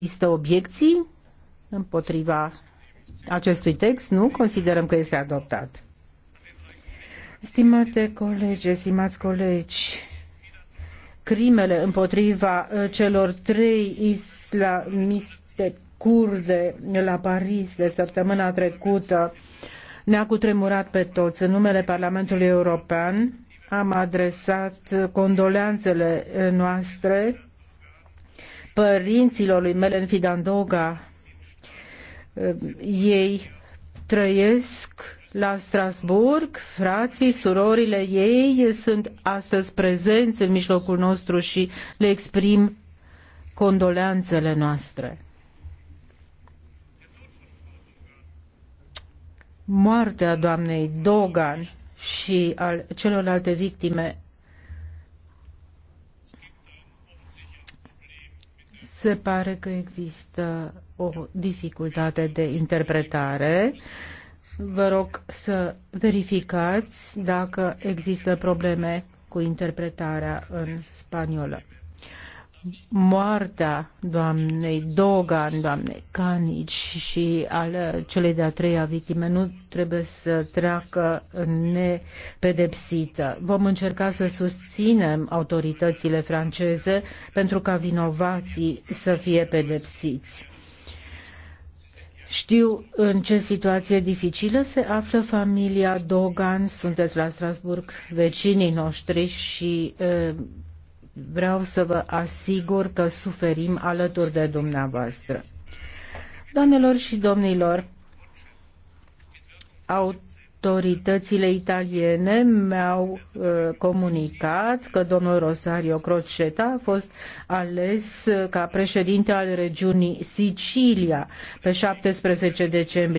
Există obiecții împotriva acestui text? Nu? Considerăm că este adoptat. Stimate colegi, stimați colegi, crimele împotriva uh, celor trei islamiste curde la Paris de săptămâna trecută ne-a cutremurat pe toți. În numele Parlamentului European am adresat condoleanțele noastre părinților lui Melen Fidandoga. Eh, ei trăiesc la Strasburg, frații, surorile ei sunt astăzi prezenți în mijlocul nostru și le exprim condoleanțele noastre. Moartea doamnei Dogan și al celorlalte victime Se pare că există o dificultate de interpretare. Vă rog să verificați dacă există probleme cu interpretarea în spaniolă moartea doamnei Dogan, doamnei Canici și al celei de-a treia victime nu trebuie să treacă nepedepsită. Vom încerca să susținem autoritățile franceze pentru ca vinovații să fie pedepsiți. Știu în ce situație dificilă se află familia Dogan. Sunteți la Strasburg, vecinii noștri și eh, vreau să vă asigur că suferim alături de dumneavoastră. Doamnelor și domnilor, autoritățile italiene mi-au uh, comunicat că domnul Rosario Croceta a fost ales uh, ca președinte al regiunii Sicilia pe 17 decembrie.